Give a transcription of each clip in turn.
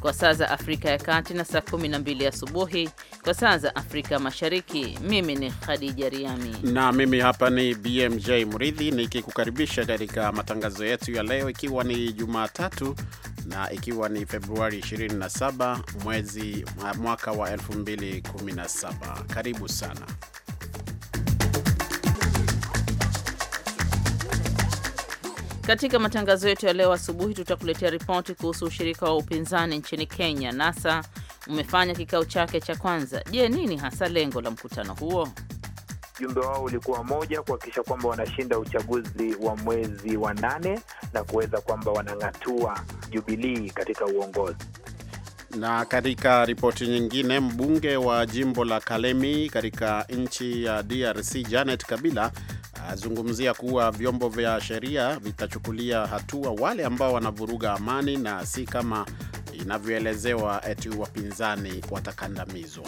kwa saa za Afrika ya Kati na saa 12 asubuhi kwa saa za Afrika Mashariki. Mimi ni Khadija Riami na mimi hapa ni BMJ Mridhi nikikukaribisha katika matangazo yetu ya leo, ikiwa ni Jumatatu na ikiwa ni Februari 27 mwezi mwaka wa 2017. Karibu sana Katika matangazo yetu ya leo asubuhi, tutakuletea ripoti kuhusu ushirika wa upinzani nchini Kenya, NASA umefanya kikao chake cha kwanza. Je, nini hasa lengo la mkutano huo? Ujumbe wao ulikuwa moja, kuhakikisha kwamba wanashinda uchaguzi wa mwezi wa nane na kuweza kwamba wanang'atua Jubilii katika uongozi. Na katika ripoti nyingine, mbunge wa jimbo la Kalemi katika nchi ya DRC Janet Kabila azungumzia kuwa vyombo vya sheria vitachukulia hatua wale ambao wanavuruga amani na si kama inavyoelezewa eti wapinzani watakandamizwa.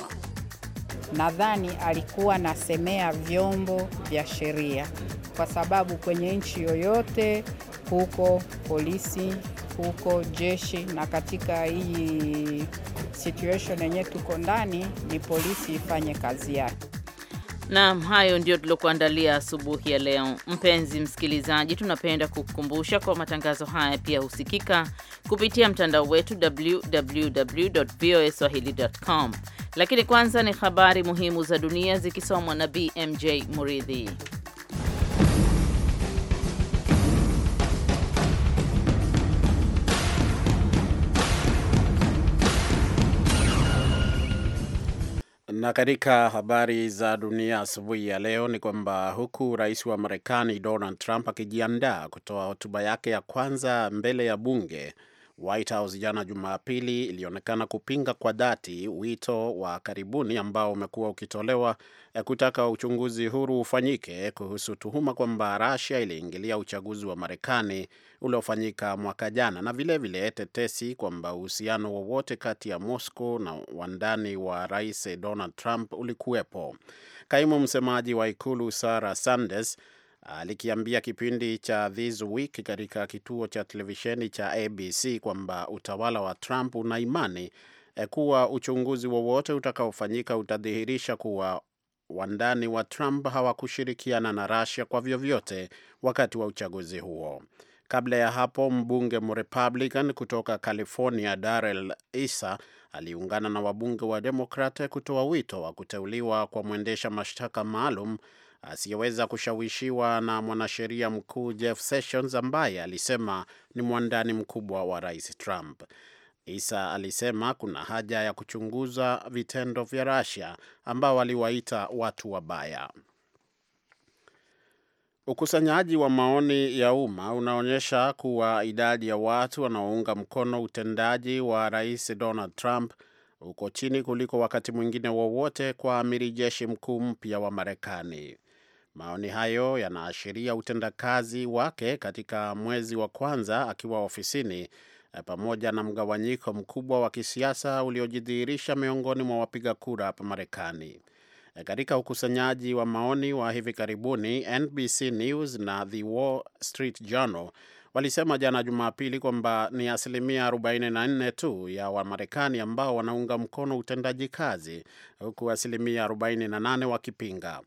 Nadhani alikuwa nasemea vyombo vya sheria kwa sababu kwenye nchi yoyote huko polisi huko jeshi, na katika hii situation yenye tuko ndani, ni polisi ifanye kazi yake. Naam, hayo ndio tuliokuandalia asubuhi ya leo. Mpenzi msikilizaji, tunapenda kukukumbusha kwa matangazo haya pia husikika kupitia mtandao wetu www voa www.voaswahili.com. Lakini kwanza ni habari muhimu za dunia zikisomwa na BMJ Muridhi. Na katika habari za dunia asubuhi ya leo ni kwamba huku rais wa Marekani Donald Trump akijiandaa kutoa hotuba yake ya kwanza mbele ya bunge White House jana Jumapili ilionekana kupinga kwa dhati wito wa karibuni ambao umekuwa ukitolewa eh, kutaka uchunguzi huru ufanyike kuhusu tuhuma kwamba Russia iliingilia uchaguzi wa Marekani uliofanyika mwaka jana, na vilevile vile tetesi kwamba uhusiano wowote kati ya Moscow na wandani wa Rais Donald Trump ulikuwepo. Kaimu msemaji wa ikulu Sarah Sanders alikiambia ah, kipindi cha This Week katika kituo cha televisheni cha ABC kwamba utawala wa Trump una imani eh, kuwa uchunguzi wowote utakaofanyika utadhihirisha kuwa wandani wa Trump hawakushirikiana na Russia kwa vyovyote wakati wa uchaguzi huo. Kabla ya hapo mbunge mrepublican kutoka California Darrell Issa aliungana na wabunge wa Demokrat kutoa wito wa kuteuliwa kwa mwendesha mashtaka maalum asiyeweza kushawishiwa na mwanasheria mkuu Jeff Sessions ambaye alisema ni mwandani mkubwa wa rais Trump. Isa alisema kuna haja ya kuchunguza vitendo vya Russia ambao waliwaita watu wabaya. Ukusanyaji wa maoni ya umma unaonyesha kuwa idadi ya watu wanaounga mkono utendaji wa rais Donald Trump uko chini kuliko wakati mwingine wowote kwa amiri jeshi mkuu mpya wa Marekani. Maoni hayo yanaashiria utendakazi wake katika mwezi wa kwanza akiwa ofisini eh, pamoja na mgawanyiko mkubwa wa kisiasa uliojidhihirisha miongoni mwa wapiga kura hapa Marekani. Eh, katika ukusanyaji wa maoni wa hivi karibuni, NBC News na The Wall Street Journal walisema jana Jumapili kwamba ni asilimia 44 tu ya Wamarekani ambao wanaunga mkono utendaji kazi huku asilimia 48 wakipinga.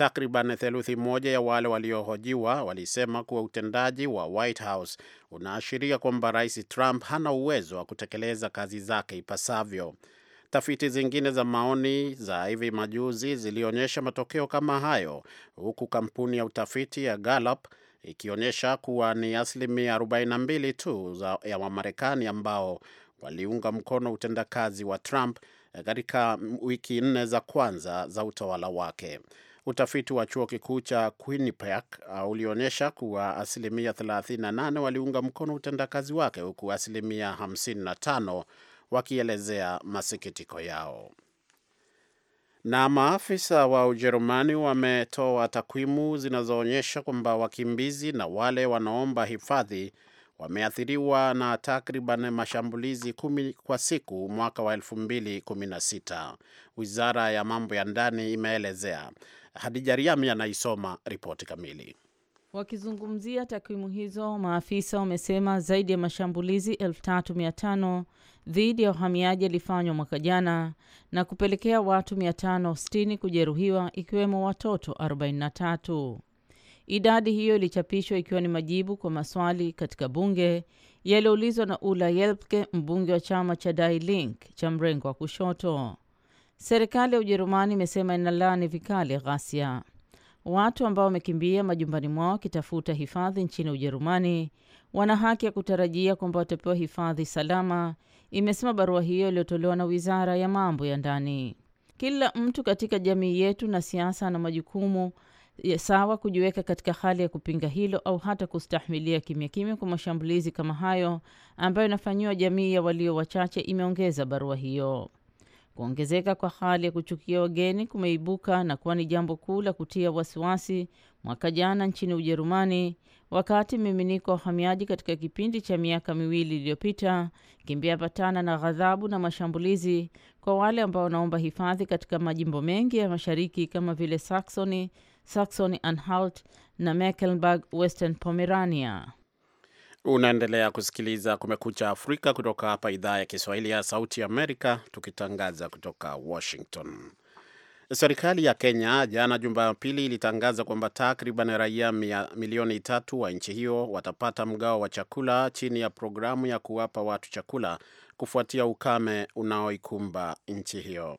Takriban theluthi moja ya wale waliohojiwa walisema kuwa utendaji wa White House unaashiria kwamba Rais Trump hana uwezo wa kutekeleza kazi zake ipasavyo. Tafiti zingine za maoni za hivi majuzi zilionyesha matokeo kama hayo, huku kampuni ya utafiti ya Gallup ikionyesha kuwa ni asilimia 42 tu za ya Wamarekani ambao waliunga mkono utendakazi wa Trump katika wiki nne za kwanza za utawala wake. Utafiti wa chuo kikuu cha Quinnipiac uh, ulionyesha kuwa asilimia 38 waliunga mkono utendakazi wake huku asilimia 55 wakielezea masikitiko yao. Na maafisa wa Ujerumani wametoa takwimu zinazoonyesha kwamba wakimbizi na wale wanaomba hifadhi wameathiriwa na takriban mashambulizi kumi kwa siku mwaka wa 2016, wizara ya mambo ya ndani imeelezea. Hadija Riami anaisoma ripoti kamili. Wakizungumzia takwimu hizo, maafisa wamesema zaidi ya mashambulizi 3500 dhidi ya wahamiaji yalifanywa mwaka jana na kupelekea watu 560 kujeruhiwa ikiwemo watoto 43. Idadi hiyo ilichapishwa ikiwa ni majibu kwa maswali katika bunge yaliyoulizwa na Ula yelpke mbunge wa chama cha Die Linke cha mrengo wa kushoto. Serikali ya Ujerumani imesema inalaani vikali ghasia. Watu ambao wamekimbia majumbani mwao wakitafuta hifadhi nchini Ujerumani wana haki ya kutarajia kwamba watapewa hifadhi salama, imesema barua hiyo iliyotolewa na wizara ya mambo ya ndani. Kila mtu katika jamii yetu na siasa ana majukumu sawa kujiweka katika hali ya kupinga hilo au hata kustahimilia kimya kimya kwa mashambulizi kama hayo ambayo inafanyiwa jamii ya walio wachache, imeongeza barua hiyo. Kuongezeka kwa hali ya kuchukia wageni kumeibuka na kuwa ni jambo kuu la kutia wasiwasi mwaka jana nchini Ujerumani, wakati miminiko wa wahamiaji katika kipindi cha miaka miwili iliyopita kimeambatana na ghadhabu na mashambulizi kwa wale ambao wanaomba hifadhi katika majimbo mengi ya mashariki kama vile Saxony, Saxony Anhalt na Mecklenburg Western Pomerania. Unaendelea kusikiliza Kumekucha Afrika kutoka hapa idhaa ya Kiswahili ya Sauti Amerika, tukitangaza kutoka Washington. Serikali ya Kenya jana Jumapili ilitangaza kwamba takriban raia milioni tatu wa nchi hiyo watapata mgao wa chakula chini ya programu ya kuwapa watu chakula kufuatia ukame unaoikumba nchi hiyo.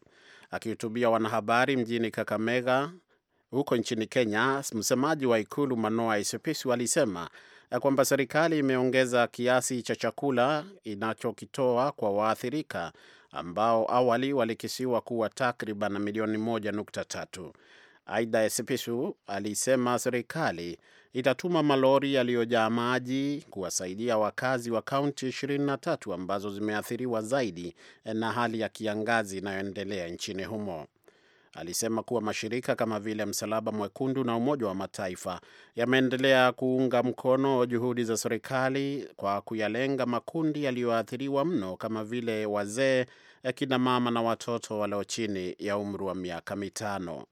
Akihutubia wanahabari mjini Kakamega huko nchini Kenya, msemaji wa ikulu Manoa Esipisu alisema kwamba serikali imeongeza kiasi cha chakula inachokitoa kwa waathirika ambao awali walikisiwa kuwa takriban milioni moja nukta tatu. Aidha, Esipisu alisema serikali itatuma malori yaliyojaa maji kuwasaidia wakazi wa kaunti 23 ambazo zimeathiriwa zaidi na hali ya kiangazi inayoendelea nchini humo alisema kuwa mashirika kama vile Msalaba Mwekundu na Umoja wa Mataifa yameendelea kuunga mkono juhudi za serikali kwa kuyalenga makundi yaliyoathiriwa mno kama vile wazee, kina mama na watoto walio chini ya umri wa miaka mitano.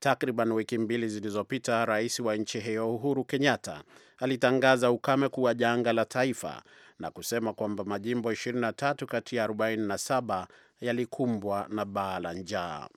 Takriban wiki mbili zilizopita, rais wa nchi hiyo Uhuru Kenyatta alitangaza ukame kuwa janga la taifa na kusema kwamba majimbo 23 kati ya 47 yalikumbwa na baa la njaa.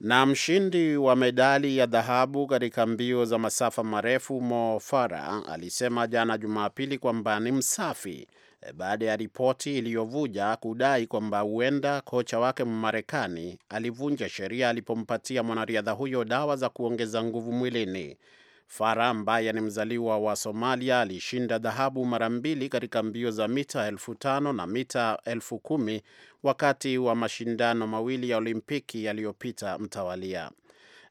Na mshindi wa medali ya dhahabu katika mbio za masafa marefu Mo Farah alisema jana Jumapili kwamba ni msafi eh, baada ya ripoti iliyovuja kudai kwamba huenda kocha wake Mmarekani alivunja sheria alipompatia mwanariadha huyo dawa za kuongeza nguvu mwilini. Farah ambaye ni mzaliwa wa Somalia alishinda dhahabu mara mbili katika mbio za mita elfu tano na mita elfu kumi wakati wa mashindano mawili ya Olimpiki yaliyopita mtawalia.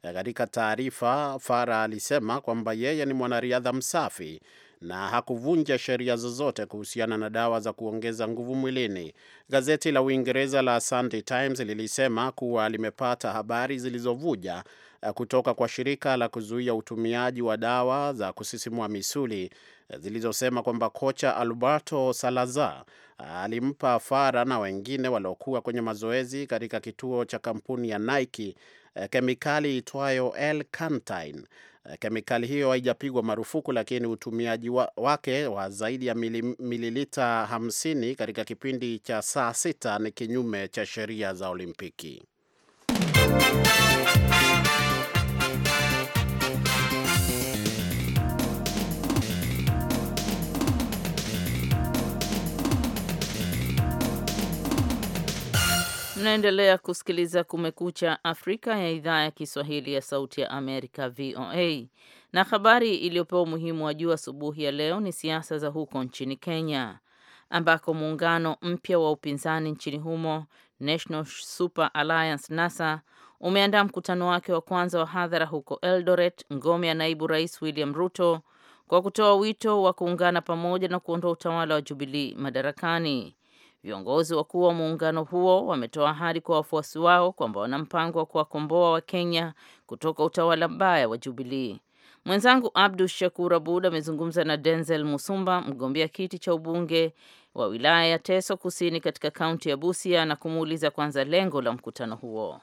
Katika taarifa, Farah alisema kwamba yeye ni mwanariadha msafi na hakuvunja sheria zozote kuhusiana na dawa za kuongeza nguvu mwilini. Gazeti la Uingereza la Sunday Times lilisema kuwa limepata habari zilizovuja Eh, kutoka kwa shirika la kuzuia utumiaji wa dawa za kusisimua misuli eh, zilizosema kwamba kocha Alberto Salazar eh, alimpa Fara na wengine waliokuwa kwenye mazoezi katika kituo cha kampuni ya Nike kemikali itwayo L-carnitine. Kemikali hiyo haijapigwa marufuku, lakini utumiaji wa, wake wa zaidi ya mililita 50 katika kipindi cha saa sita ni kinyume cha sheria za Olimpiki. Mnaendelea kusikiliza Kumekucha Afrika ya idhaa ya Kiswahili ya Sauti ya Amerika, VOA. Na habari iliyopewa umuhimu wa juu asubuhi ya leo ni siasa za huko nchini Kenya, ambako muungano mpya wa upinzani nchini humo National Super Alliance, NASA, umeandaa mkutano wake wa kwanza wa hadhara huko Eldoret, ngome ya naibu rais William Ruto, kwa kutoa wito wa kuungana pamoja na kuondoa utawala wa Jubilii madarakani. Viongozi wakuu wa muungano huo wametoa ahadi kwa wafuasi wao kwamba wana mpango wa kuwakomboa Wakenya kutoka utawala mbaya wa Jubilii. Mwenzangu Abdu Shakur Abud amezungumza na Denzel Musumba, mgombea kiti cha ubunge wa wilaya ya Teso Kusini katika kaunti ya Busia, na kumuuliza kwanza lengo la mkutano huo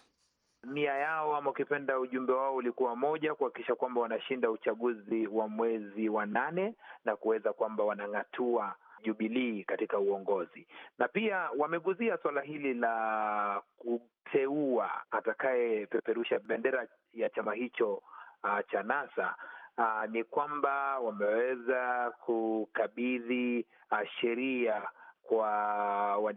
nia yao ama ukipenda ujumbe wao ulikuwa moja, kuhakikisha kwamba wanashinda uchaguzi wa mwezi wa nane na kuweza kwamba wanang'atua Jubilii katika uongozi, na pia wameguzia suala hili la kuteua atakayepeperusha bendera ya chama hicho uh, cha NASA. Uh, ni kwamba wameweza kukabidhi uh, sheria kwa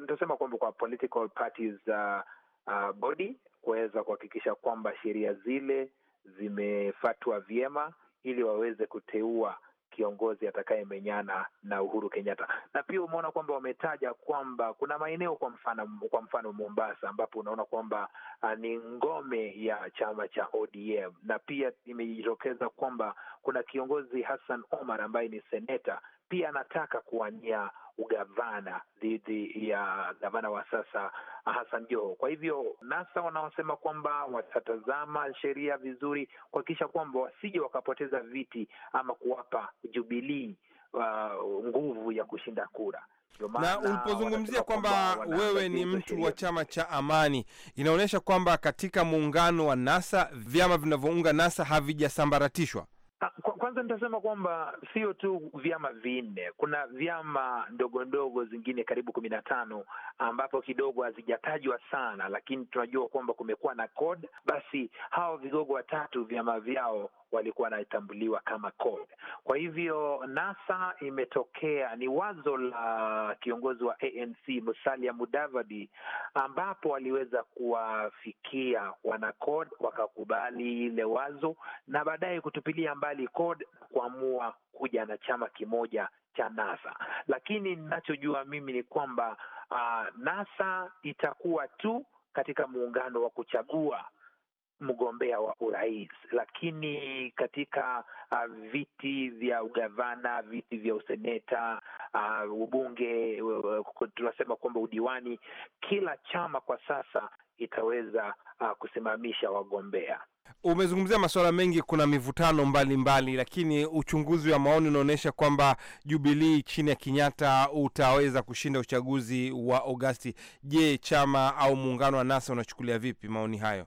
nitasema kwamba kwa political parties uh, uh, body kuweza kuhakikisha kwamba sheria zile zimefatwa vyema ili waweze kuteua kiongozi atakayemenyana na Uhuru Kenyatta. Na pia umeona kwamba wametaja kwamba kuna maeneo kwa mfano, kwa mfano Mombasa, ambapo unaona kwamba ah, ni ngome ya chama cha ODM, na pia imejitokeza kwamba kuna kiongozi Hassan Omar ambaye ni seneta, pia anataka kuwania ugavana dhidi ya gavana wa sasa Hassan Joho. Kwa hivyo NASA wanaosema kwamba watatazama sheria vizuri kuhakikisha kwamba wasije wakapoteza viti ama kuwapa Jubilii uh, nguvu ya kushinda kura. Na ulipozungumzia kwamba wewe ni mtu wa chama cha Amani, inaonyesha kwamba katika muungano wa NASA vyama vinavyounga NASA havijasambaratishwa. Ah, kwanza nitasema kwamba sio tu vyama vinne, kuna vyama ndogo ndogo zingine karibu kumi na tano ambapo kidogo hazijatajwa sana, lakini tunajua kwamba kumekuwa na CORD. Basi hawa vigogo watatu vyama vyao walikuwa wanatambuliwa kama code. Kwa hivyo NASA imetokea, ni wazo la kiongozi wa ANC Musalia Mudavadi, ambapo waliweza kuwafikia wanacode wakakubali ile wazo na baadaye kutupilia mbali code na kuamua kuja na chama kimoja cha NASA. Lakini ninachojua mimi ni kwamba uh, NASA itakuwa tu katika muungano wa kuchagua mgombea wa urais, lakini katika uh, viti vya ugavana, viti vya useneta, uh, ubunge, uh, tunasema kwamba udiwani, kila chama kwa sasa itaweza uh, kusimamisha wagombea. Umezungumzia masuala mengi, kuna mivutano mbalimbali mbali, lakini uchunguzi wa maoni unaonyesha kwamba Jubilii chini ya Kenyatta utaweza kushinda uchaguzi wa Agosti. Je, chama au muungano wa NASA unachukulia vipi maoni hayo?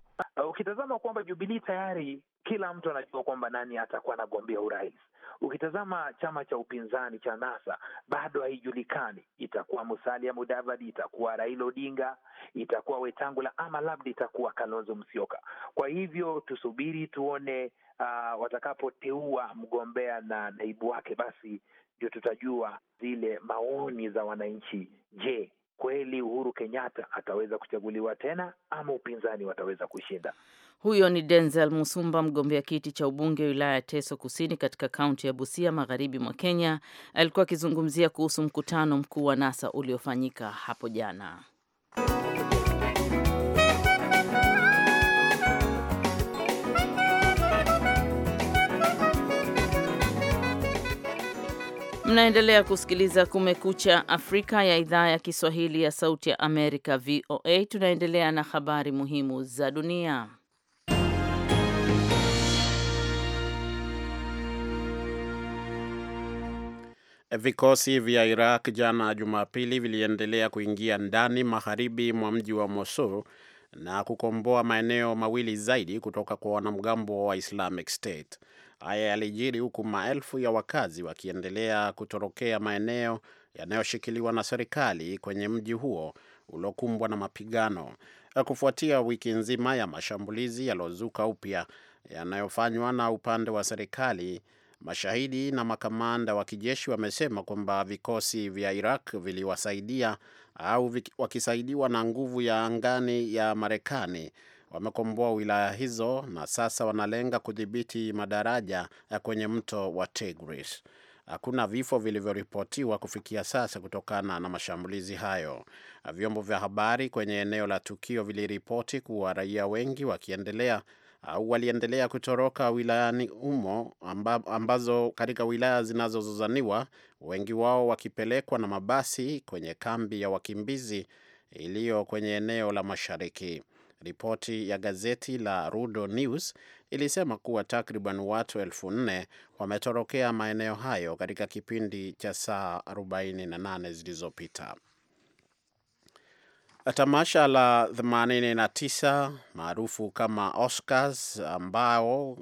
ukitazama kwamba Jubilii tayari kila mtu anajua kwamba nani atakuwa anagombea urais. Ukitazama chama cha upinzani cha NASA bado haijulikani, itakuwa Musalia Mudavadi, itakuwa Raila Odinga, itakuwa Wetangula ama labda itakuwa Kalonzo Musyoka. Kwa hivyo tusubiri tuone, uh, watakapoteua mgombea na naibu wake, basi ndio tutajua zile maoni za wananchi. Je, kweli Kenyatta ataweza kuchaguliwa tena ama upinzani wataweza kushinda. Huyo ni Denzel Musumba, mgombea kiti cha ubunge wilaya ya Teso Kusini katika kaunti ya Busia, magharibi mwa Kenya. Alikuwa akizungumzia kuhusu mkutano mkuu wa NASA uliofanyika hapo jana. Mnaendelea kusikiliza Kumekucha Afrika ya idhaa ya Kiswahili ya Sauti ya Amerika, VOA. Tunaendelea na habari muhimu za dunia. Vikosi vya Iraq jana Jumapili viliendelea kuingia ndani magharibi mwa mji wa Mosul na kukomboa maeneo mawili zaidi kutoka kwa wanamgambo wa Islamic State. Haya yalijiri huku maelfu ya wakazi wakiendelea kutorokea maeneo yanayoshikiliwa na serikali kwenye mji huo uliokumbwa na mapigano eh, kufuatia wiki nzima ya mashambulizi yaliyozuka upya yanayofanywa na upande wa serikali. Mashahidi na makamanda wa kijeshi wamesema kwamba vikosi vya Iraq viliwasaidia au wakisaidiwa na nguvu ya angani ya Marekani wamekomboa wilaya hizo na sasa wanalenga kudhibiti madaraja ya eh, kwenye mto wa Tigris. Hakuna vifo vilivyoripotiwa kufikia sasa kutokana na mashambulizi hayo. Vyombo vya habari kwenye eneo la tukio viliripoti kuwa raia wengi wakiendelea au waliendelea kutoroka wilayani humo ambazo katika wilaya zinazozozaniwa, wengi wao wakipelekwa na mabasi kwenye kambi ya wakimbizi iliyo kwenye eneo la mashariki. Ripoti ya gazeti la Rudo News ilisema kuwa takriban watu elfu nne wametorokea maeneo hayo katika kipindi cha saa 48 zilizopita. Tamasha la 89 maarufu kama Oscars ambao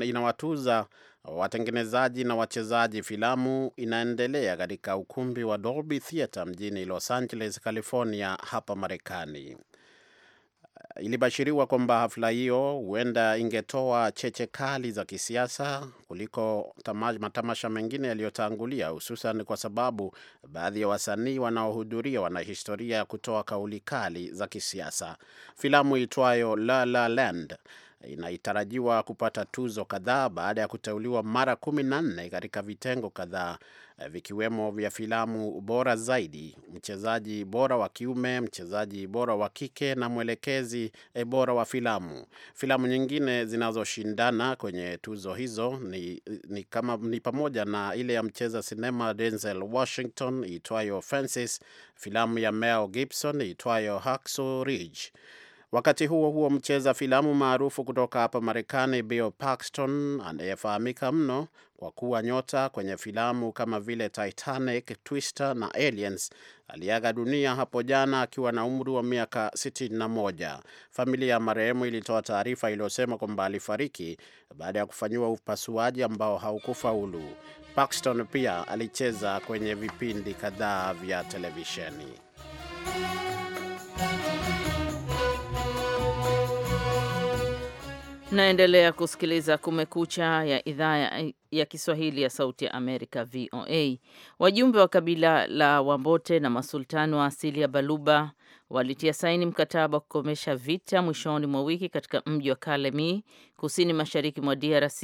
inawatuza ina, ina watengenezaji na wachezaji filamu inaendelea katika ukumbi wa Dolby Theatre mjini Los Angeles, California hapa Marekani. Ilibashiriwa kwamba hafla hiyo huenda ingetoa cheche kali za kisiasa kuliko matamasha mengine yaliyotangulia, hususan kwa sababu baadhi ya wasanii wanaohudhuria wana historia ya kutoa kauli kali za kisiasa. Filamu itwayo La La Land inaitarajiwa kupata tuzo kadhaa baada ya kuteuliwa mara kumi na nne katika vitengo kadhaa eh, vikiwemo vya filamu bora zaidi, mchezaji bora wa kiume, mchezaji bora wa kike na mwelekezi eh, bora wa filamu. Filamu nyingine zinazoshindana kwenye tuzo hizo ni, ni, kama, ni pamoja na ile ya mcheza sinema Denzel Washington iitwayo Fences, filamu ya Mel Gibson iitwayo Hacksaw Ridge Wakati huo huo, mcheza filamu maarufu kutoka hapa Marekani Bill Paxton anayefahamika mno kwa kuwa nyota kwenye filamu kama vile Titanic, Twister na Aliens aliaga dunia hapo jana akiwa na umri wa miaka 61. Familia ya marehemu ilitoa taarifa iliyosema kwamba alifariki baada ya kufanyiwa upasuaji ambao haukufaulu. Paxton pia alicheza kwenye vipindi kadhaa vya televisheni. naendelea kusikiliza Kumekucha ya idhaa ya, ya Kiswahili ya Sauti ya Amerika, VOA. Wajumbe wa kabila la Wambote na masultani wa asili ya Baluba walitia saini mkataba wa kukomesha vita mwishoni mwa wiki katika mji wa kalemi kusini mashariki mwa DRC,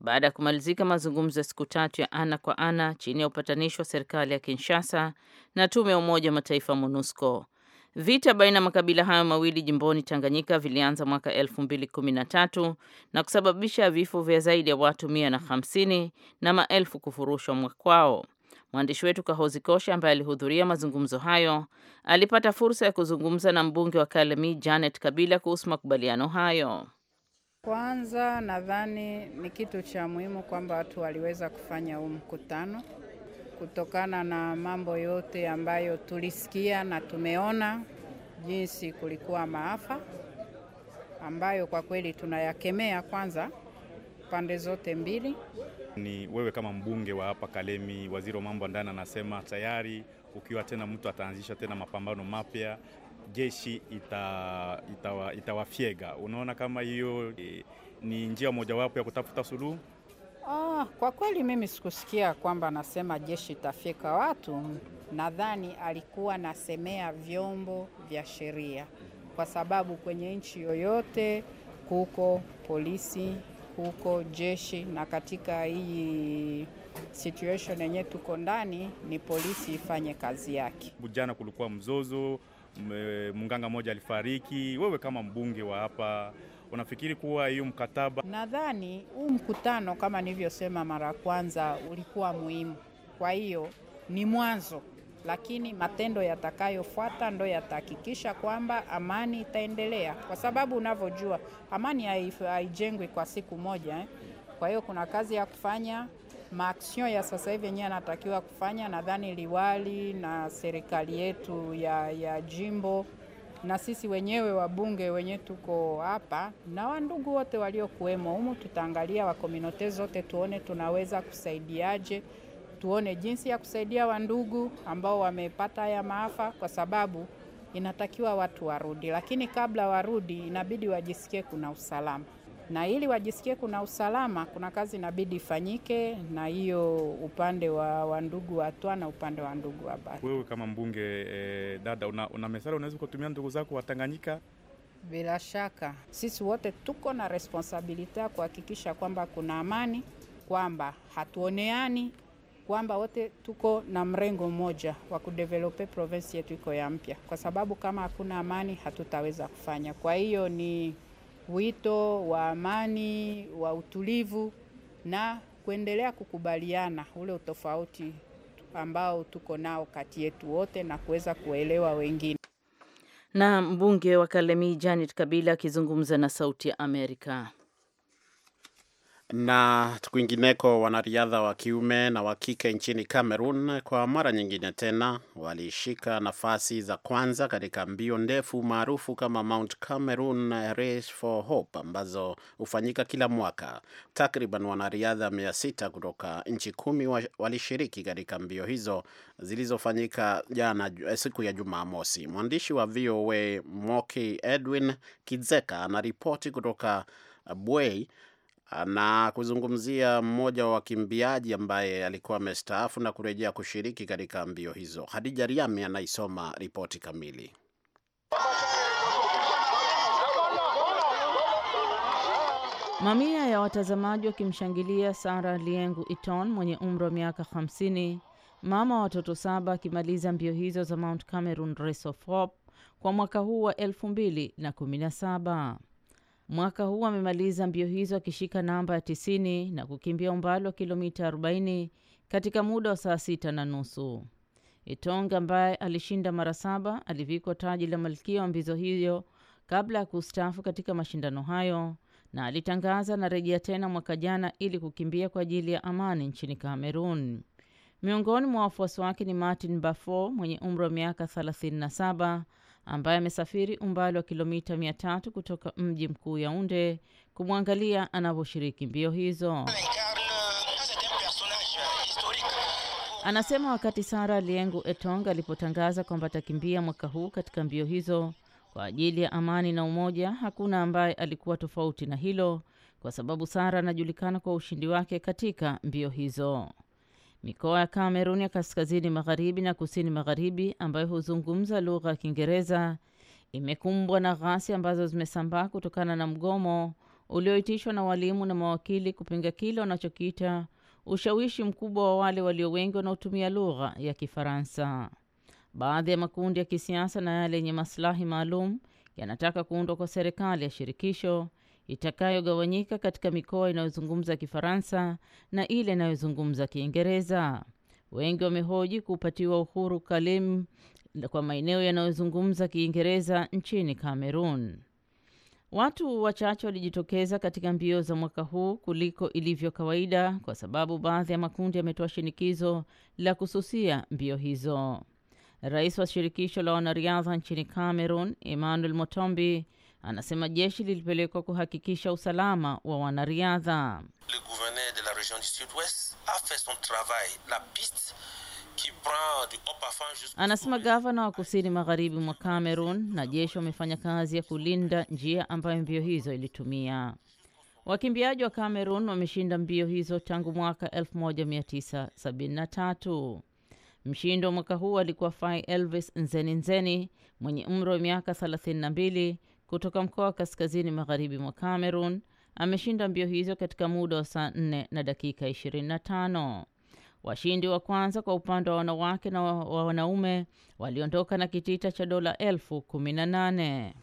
baada ya kumalizika mazungumzo ya siku tatu ya ana kwa ana chini ya upatanishi wa serikali ya Kinshasa na tume ya Umoja wa Mataifa, MONUSCO. Vita baina ya makabila hayo mawili jimboni Tanganyika vilianza mwaka 2013 na kusababisha vifo vya zaidi ya watu 150 na, na maelfu kufurushwa mwakwao. Mwandishi wetu Kahozi Kosha ambaye alihudhuria mazungumzo hayo alipata fursa ya kuzungumza na mbunge wa Kalemi Janet Kabila kuhusu makubaliano hayo. Kwanza nadhani ni kitu cha muhimu kwamba watu waliweza kufanya huu mkutano kutokana na mambo yote ambayo tulisikia na tumeona jinsi kulikuwa maafa ambayo kwa kweli tunayakemea kwanza pande zote mbili. Ni wewe kama mbunge wa hapa Kalemi, waziri wa mambo ndani anasema tayari, ukiwa tena mtu ataanzisha tena mapambano mapya, jeshi ita, ita itawafyega. Unaona kama hiyo eh, ni njia mojawapo ya kutafuta suluhu? Ah, kwa kweli mimi sikusikia kwamba anasema jeshi itafika watu. Nadhani alikuwa nasemea vyombo vya sheria, kwa sababu kwenye nchi yoyote kuko polisi, kuko jeshi, na katika hii situation yenyewe tuko ndani, ni polisi ifanye kazi yake. Jana kulikuwa mzozo, mganga mmoja alifariki. Wewe kama mbunge wa hapa Unafikiri kuwa hiyo mkataba? Nadhani huu mkutano kama nilivyosema mara ya kwanza ulikuwa muhimu, kwa hiyo ni mwanzo, lakini matendo yatakayofuata ndo yatahakikisha kwamba amani itaendelea, kwa sababu unavyojua amani haijengwi kwa siku moja eh. Kwa hiyo kuna kazi ya kufanya maaksion ya sasa hivi yenyewe anatakiwa kufanya, nadhani liwali na serikali yetu ya, ya jimbo na sisi wenyewe wabunge wenye tuko hapa na wandugu wote waliokuwemo humu, tutaangalia wakominote zote tuone tunaweza kusaidiaje, tuone jinsi ya kusaidia wandugu ambao wamepata haya maafa, kwa sababu inatakiwa watu warudi, lakini kabla warudi inabidi wajisikie kuna usalama na ili wajisikie kuna usalama, kuna kazi inabidi ifanyike, na hiyo upande wa, wa ndugu wa Twa na upande wa ndugu wa Bata. Wewe kama mbunge e, dada, una, una mesala unaweza kutumia ndugu zako Watanganyika? Bila shaka sisi wote tuko na responsabilite ya kuhakikisha kwamba kuna amani, kwamba hatuoneani, kwamba wote tuko na mrengo mmoja wa kudevelope province yetu iko ya mpya, kwa sababu kama hakuna amani hatutaweza kufanya. Kwa hiyo ni wito wa amani, wa utulivu na kuendelea kukubaliana ule utofauti ambao tuko nao kati yetu wote na kuweza kuelewa wengine. Na mbunge wa Kalemie Janet Kabila akizungumza na Sauti ya Amerika. Na kwingineko, wanariadha wa kiume na wa kike nchini Cameroon kwa mara nyingine tena walishika nafasi za kwanza katika mbio ndefu maarufu kama Mount Cameroon Race for Hope ambazo hufanyika kila mwaka. Takriban wanariadha mia sita kutoka nchi kumi walishiriki katika mbio hizo zilizofanyika jana eh, siku ya Jumamosi. Mwandishi wa VOA Moki Edwin Kizeka anaripoti kutoka Bwei na kuzungumzia mmoja wa wakimbiaji ambaye alikuwa amestaafu na kurejea kushiriki katika mbio hizo. Hadija Riami anaisoma ripoti kamili. Mamia ya watazamaji wakimshangilia Sara Liengu Iton mwenye umri wa miaka 50, mama wa watoto saba, akimaliza mbio hizo za Mount Cameroon Race of Hope kwa mwaka huu wa 2017. Mwaka huu amemaliza mbio hizo akishika namba ya tisini na kukimbia umbali wa kilomita 40 katika muda wa saa sita na nusu. Itonga ambaye alishinda mara saba alivikwa taji la malkia wa mbizo hiyo kabla ya kustaafu katika mashindano hayo, na alitangaza anarejea tena mwaka jana ili kukimbia kwa ajili ya amani nchini Kamerun. Miongoni mwa wafuasi wake ni Martin Bafo mwenye umri wa miaka 37 ambaye amesafiri umbali wa kilomita 300 kutoka mji mkuu Yaunde kumwangalia anavyoshiriki mbio hizo. Anasema wakati Sara Liengu Etong alipotangaza kwamba atakimbia mwaka huu katika mbio hizo kwa ajili ya amani na umoja, hakuna ambaye alikuwa tofauti na hilo, kwa sababu Sara anajulikana kwa ushindi wake katika mbio hizo. Mikoa ya Kamerun ya kaskazini magharibi na kusini magharibi ambayo huzungumza lugha ya Kiingereza imekumbwa na ghasia ambazo zimesambaa kutokana na mgomo ulioitishwa na walimu na mawakili kupinga kile wanachokiita ushawishi mkubwa wa wale walio wengi wanaotumia lugha ya Kifaransa. Baadhi ya makundi ya kisiasa na yale yenye masilahi maalum yanataka kuundwa kwa serikali ya shirikisho itakayogawanyika katika mikoa inayozungumza Kifaransa na ile inayozungumza Kiingereza. Wengi wamehoji kupatiwa uhuru Kalim kwa maeneo yanayozungumza Kiingereza nchini Kamerun. Watu wachache walijitokeza katika mbio za mwaka huu kuliko ilivyo kawaida kwa sababu baadhi ya makundi yametoa shinikizo la kususia mbio hizo. Rais wa shirikisho la wanariadha nchini Cameroon, Emmanuel Motombi, Anasema jeshi lilipelekwa kuhakikisha usalama wa wanariadha. Anasema gavana wa kusini magharibi mwa Cameroon na jeshi wamefanya kazi ya kulinda njia ambayo mbio hizo ilitumia. Wakimbiaji wa Cameroon wameshinda mbio hizo tangu mwaka 1973. Mshindi wa mwaka huu alikuwa Fai Elvis Nzeni Nzeni mwenye umri wa miaka 32 kutoka mkoa wa kaskazini magharibi mwa Cameroon ameshinda mbio hizo katika muda wa saa 4 na dakika 25. Washindi wa kwanza kwa upande wa wanawake na wa wanaume waliondoka na kitita cha dola elfu kumi na nane.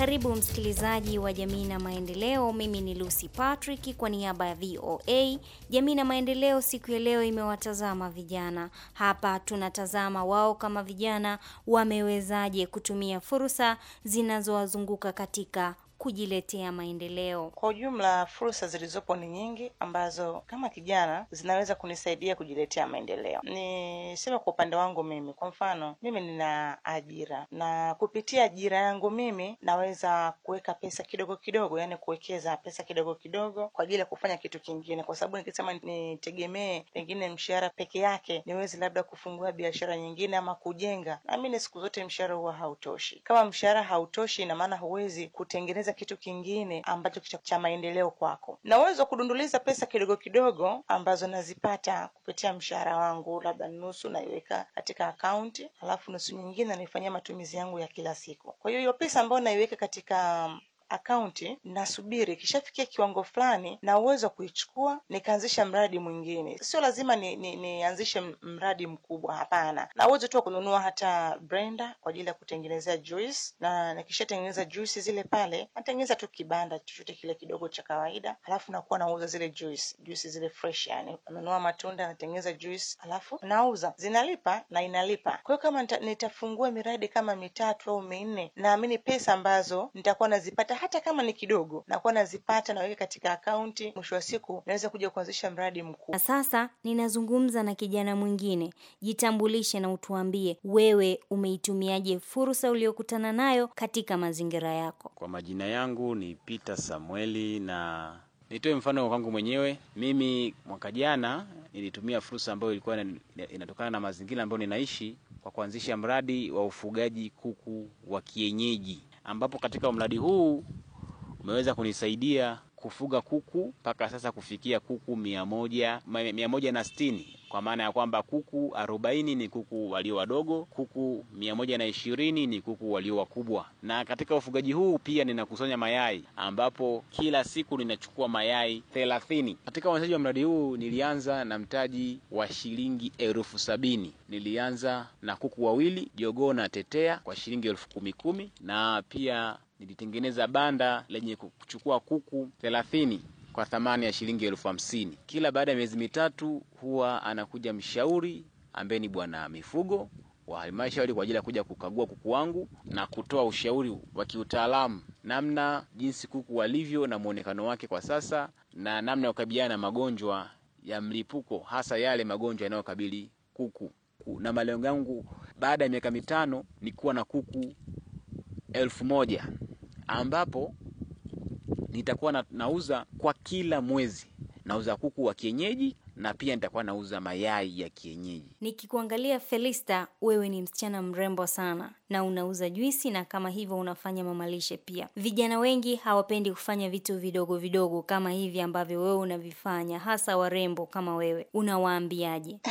Karibu msikilizaji wa Jamii na Maendeleo. Mimi ni Lucy Patrick kwa niaba ya VOA Jamii na Maendeleo. Siku ya leo imewatazama vijana. Hapa tunatazama wao kama vijana wamewezaje kutumia fursa zinazowazunguka katika kujiletea maendeleo. Kwa ujumla, fursa zilizopo ni nyingi ambazo kama kijana zinaweza kunisaidia kujiletea maendeleo. Niseme kwa upande wangu mimi, kwa mfano, mimi nina ajira na kupitia ajira yangu mimi naweza kuweka pesa kidogo kidogo, yani kuwekeza pesa kidogo kidogo kwa ajili ya kufanya kitu kingine, kwa sababu nikisema nitegemee pengine mshahara peke yake, niwezi labda kufungua biashara nyingine ama kujenga, naamini siku zote mshahara huwa hautoshi. Kama mshahara hautoshi, ina maana huwezi kutengeneza kutengeneza kitu kingine ambacho cha maendeleo kwako, na uwezo wa kudunduliza pesa kidogo kidogo ambazo nazipata kupitia mshahara wangu, labda nusu naiweka katika akaunti, alafu nusu nyingine naifanyia matumizi yangu ya kila siku. Kwa hiyo hiyo pesa ambayo naiweka katika akaunti nasubiri ikishafikia kiwango fulani na uwezo wa kuichukua nikaanzisha mradi mwingine. Sio lazima nianzishe ni, ni mradi mkubwa, hapana. Na uwezo tu wa kununua hata brenda kwa ajili ya kutengenezea juice, na nikishatengeneza juice zile pale natengeneza tu kibanda chochote kile kidogo cha kawaida, halafu nakuwa nauza zile juice juice zile fresh, yani nanunua matunda natengeneza juice halafu nauza, zinalipa na inalipa. Kwa hiyo kama nita, nitafungua miradi kama mitatu au minne, naamini pesa ambazo nitakuwa nazipata hata kama ni kidogo, nakuwa nazipata naweka katika akaunti, mwisho wa siku naweza kuja kuanzisha mradi mkuu. Na sasa ninazungumza na kijana mwingine. Jitambulishe na utuambie wewe umeitumiaje fursa uliyokutana nayo katika mazingira yako. Kwa majina yangu ni Peter Samueli na nitoe mfano kwangu mwenyewe. Mimi mwaka jana nilitumia fursa ambayo ilikuwa inatokana na mazingira ambayo ninaishi kwa kuanzisha mradi wa ufugaji kuku wa kienyeji ambapo katika mradi huu umeweza kunisaidia kufuga kuku mpaka sasa kufikia kuku mia moja, mia moja na sitini kwa maana ya kwamba kuku 40 ni kuku walio wadogo, kuku 120 ni kuku walio wakubwa. Na katika ufugaji huu pia ninakusanya mayai, ambapo kila siku ninachukua mayai 30. Katika uanzaji wa mradi huu nilianza na mtaji wa shilingi elfu sabini. Nilianza na kuku wawili, jogoo na tetea kwa shilingi elfu kumi kumi, na pia nilitengeneza banda lenye kuchukua kuku 30 kwa thamani ya shilingi elfu hamsini. Kila baada ya miezi mitatu huwa anakuja mshauri ambaye ni bwana mifugo wa halmashauri kwa ajili ya kuja kukagua kuku wangu na kutoa ushauri wa kiutaalamu namna jinsi kuku walivyo na muonekano wake kwa sasa na namna ya kukabiliana na magonjwa ya mlipuko hasa yale magonjwa yanayokabili kuku. Na malengo yangu baada ya miaka mitano ni kuwa na kuku elfu moja ambapo nitakuwa na, nauza kwa kila mwezi, nauza kuku wa kienyeji na pia nitakuwa nauza mayai ya kienyeji. Nikikuangalia Felista, wewe ni msichana mrembo sana na unauza juisi na kama hivyo unafanya mamalishe pia. Vijana wengi hawapendi kufanya vitu vidogo vidogo kama hivi ambavyo wewe unavifanya, hasa warembo kama wewe, unawaambiaje?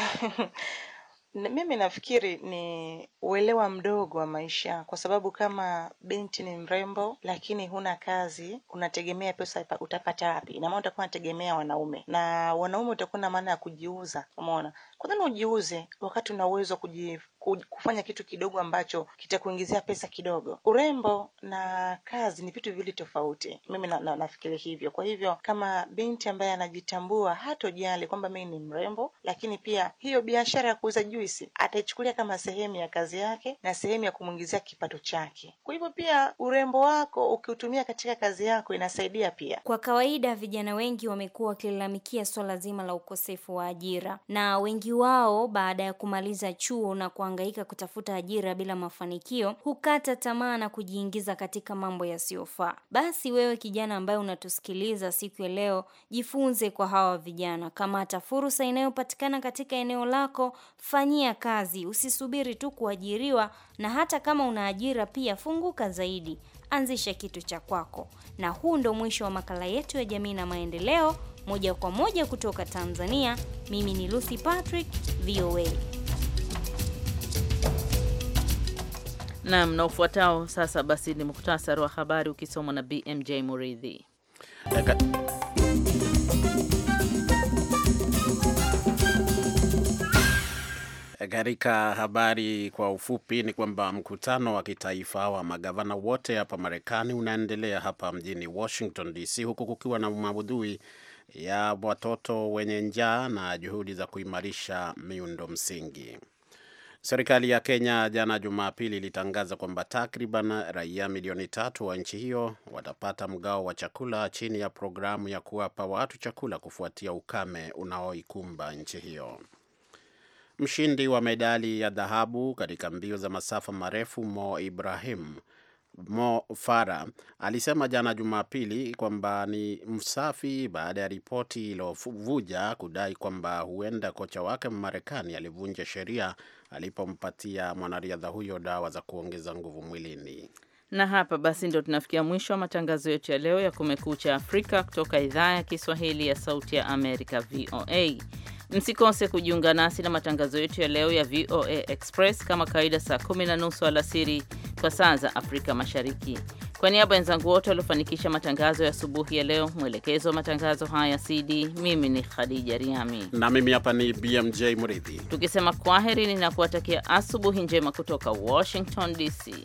Mimi nafikiri ni uelewa mdogo wa maisha, kwa sababu kama binti ni mrembo lakini huna kazi, unategemea pesa utapata wapi? Ina maana utakuwa unategemea wanaume, na wanaume utakuwa na maana ya kujiuza. Umeona, kwa nini ujiuze wakati una uwezo wa kuji kufanya kitu kidogo ambacho kitakuingizia pesa kidogo. Urembo na kazi ni vitu viwili tofauti, mimi na, na, nafikiri hivyo. Kwa hivyo kama binti ambaye anajitambua, hatojali kwamba mimi ni mrembo, lakini pia hiyo biashara ya kuuza juisi ataichukulia kama sehemu ya kazi yake na sehemu ya kumwingizia kipato chake. Kwa hivyo pia urembo wako ukiutumia katika kazi yako inasaidia pia. Kwa kawaida vijana wengi wamekuwa wakilalamikia swala zima la ukosefu wa ajira, na wengi wao baada ya kumaliza chuo na kwa wanaohangaika kutafuta ajira bila mafanikio hukata tamaa na kujiingiza katika mambo yasiyofaa. Basi wewe kijana ambaye unatusikiliza siku ya leo, jifunze kwa hawa vijana, kamata fursa inayopatikana katika eneo lako, fanyia kazi, usisubiri tu kuajiriwa, na hata kama una ajira pia funguka zaidi, anzisha kitu cha kwako. Na huu ndo mwisho wa makala yetu ya jamii na maendeleo, moja kwa moja kutoka Tanzania. Mimi ni Lucy Patrick, VOA. Naam, na ufuatao sasa basi ni muktasari wa habari ukisomwa na BMJ Muridhi. Katika habari kwa ufupi ni kwamba mkutano wa kitaifa wa magavana wote hapa Marekani unaendelea hapa mjini Washington DC, huku kukiwa na maudhui ya watoto wenye njaa na juhudi za kuimarisha miundo msingi. Serikali ya Kenya jana Jumapili ilitangaza kwamba takriban raia milioni tatu wa nchi hiyo watapata mgao wa chakula chini ya programu ya kuwapa watu chakula kufuatia ukame unaoikumba nchi hiyo. Mshindi wa medali ya dhahabu katika mbio za masafa marefu Mo Ibrahim Mo Farah alisema jana Jumapili kwamba ni msafi baada ya ripoti iliyovuja kudai kwamba huenda kocha wake Mmarekani alivunja sheria alipompatia mwanariadha huyo dawa za kuongeza nguvu mwilini. Na hapa basi ndo tunafikia mwisho wa matangazo yetu ya leo ya Kumekucha Afrika kutoka idhaa ya Kiswahili ya Sauti ya Amerika, VOA. Msikose kujiunga nasi na matangazo yetu ya leo ya VOA Express kama kawaida, saa kumi na nusu alasiri kwa saa za Afrika Mashariki. Kwa niaba ya wenzangu wote waliofanikisha matangazo ya asubuhi ya leo, mwelekezo wa matangazo haya CD, mimi ni Khadija Riami na mimi hapa ni BMJ Mridhi, tukisema kwaheri ninakuwatakia asubuhi njema kutoka Washington DC.